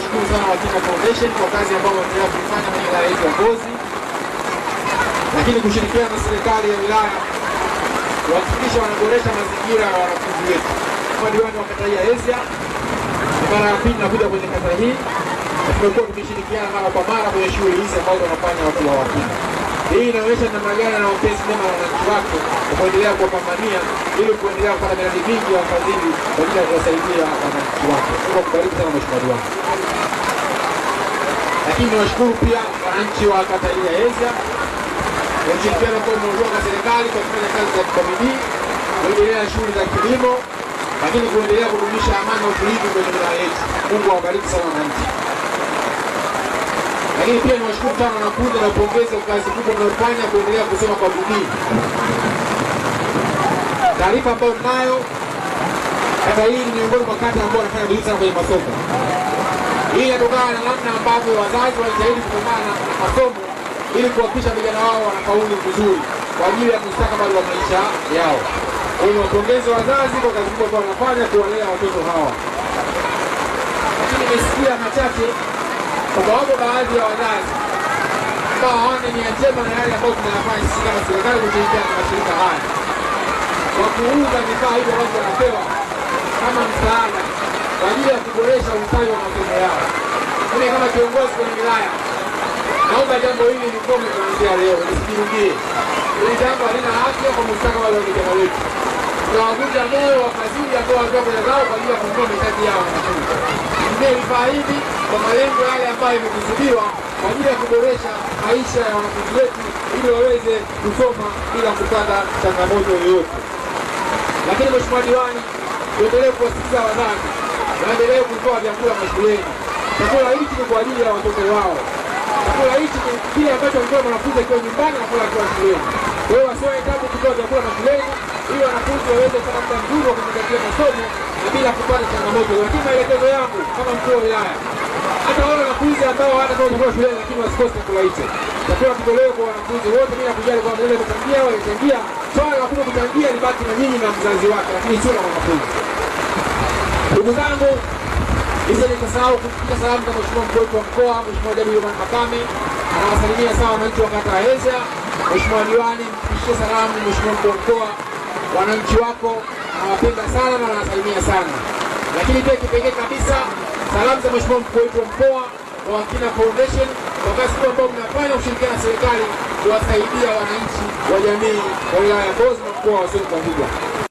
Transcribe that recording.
tunawashukuru sana Wakina Foundation kwa kazi ambayo wameendelea kuifanya kwenye wilaya ya Mbozi, lakini kushirikiana na serikali ya wilaya kuhakikisha wanaboresha mazingira ya wanafunzi wetu. Kwa diwani wa kata hii ya mara ya pili nakuja kwenye kata hii, tumekuwa tukishirikiana mara kwa mara kwenye shughuli hizi ambazo wanafanya watu wa Wakina. Hii inaonyesha namna gani na wapenzi mema na wananchi wake kuendelea kuwapambania ili kuendelea kupata miradi mingi ya wafadhili kwa ajili ya kuwasaidia wananchi wake. Mungu akubariki sana mheshimiwa diwani. Lakini niwashukuru pia wananchi wa kata hii ya Hezya kwa ushirikiano ambao umeongoza serikali kwa kufanya kazi za kikabidii, kuendelea shughuli za kilimo, lakini kuendelea kudumisha amani na utulivu kwenye wilaya yetu. Mungu awabariki sana wananchi. Lakini pia niwashukuru sana wanafunzi na kuongeza kazi kubwa mnayofanya kuendelea kusoma kwa bidii. Taarifa ambayo mnayo, kata hii ni miongoni mwa kata ambao wanafanya vizuri sana kwenye masomo. Hii inatokana na namna ambavyo wazazi wanajitahidi kupambana na masomo ili kuhakikisha vijana wao wanafaulu vizuri kwa ajili ya mustakabali wa maisha yao. Kwa hiyo wapongeze wazazi kwa kazi kubwa ambayo wanafanya kuwalea watoto hawa. Lakini nimesikia machache sasa wapo baadhi ya wazazi ambao hawana nia njema na yale ambayo tunayafanya sisi kama serikali kushirikiana na mashirika haya kwa kuuza vifaa hivyo watu wanapewa kama msaada kwa ajili ya kuboresha ustawi wa masomo yao. Mimi kama kiongozi kwenye wilaya naomba jambo hili likome kuanzia leo, lisijirudie. Hili jambo halina afya kwa mustakabali wa vijana wetu tunawaguja moyo wafadhili ambao wanatoa fedha zao kwa ajili ya kununua mitaji yao wanafunzi. vifaa hivi kwa malengo yale ambayo yamekusudiwa kwa ajili ya kuboresha maisha ya wanafunzi wetu ili waweze kusoma bila kupata changamoto yoyote. Lakini mweshimua Diwani, tuendelee kuwasikiza wazazi, waendelee kutoa vyakula mashuleni. Chakula hichi ni kwa ajili ya watoto wao. Chakula hichi ni kile ambacho alikuwa mwanafunzi akiwa nyumbani na akiwa shuleni. Kwa hiyo wasioe kutoa vyakula na kilengo, ili wanafunzi waweze kupata muda mzuri wa kuzingatia masomo na bila kupata changamoto. Lakini maelekezo yangu kama mkuu wa wilaya, hata wale wanafunzi ambao hata kama wamekuwa shuleni lakini wasikose chakula hicho, chakula kitolewe kwa wanafunzi wote bila kujali kwamba yule kuchangia au alichangia. Swala la kuto kuchangia libaki na nyinyi na mzazi wake, lakini sio la wanafunzi. Ndugu zangu, hizo nitasahau kufikisha salamu za mheshimiwa mkuu wa mkoa, Mheshimiwa Jabir Makame, anawasalimia sana wananchi wa kata ya Hezya Mheshimiwa Diwani, mfikishie salamu Mheshimiwa mkuu wa mkoa, wananchi wako nawapenda sana na wanasalimia sana. Lakini pia kipekee kabisa salamu za Mheshimiwa mkuu wetu wa mkoa wa Wakina Foundation kwa kazi kubwa ambao mnafanya kushirikiana na serikali kuwasaidia wananchi wa jamii wa wilaya ya Mbozi na mkoa wa Songwe kwa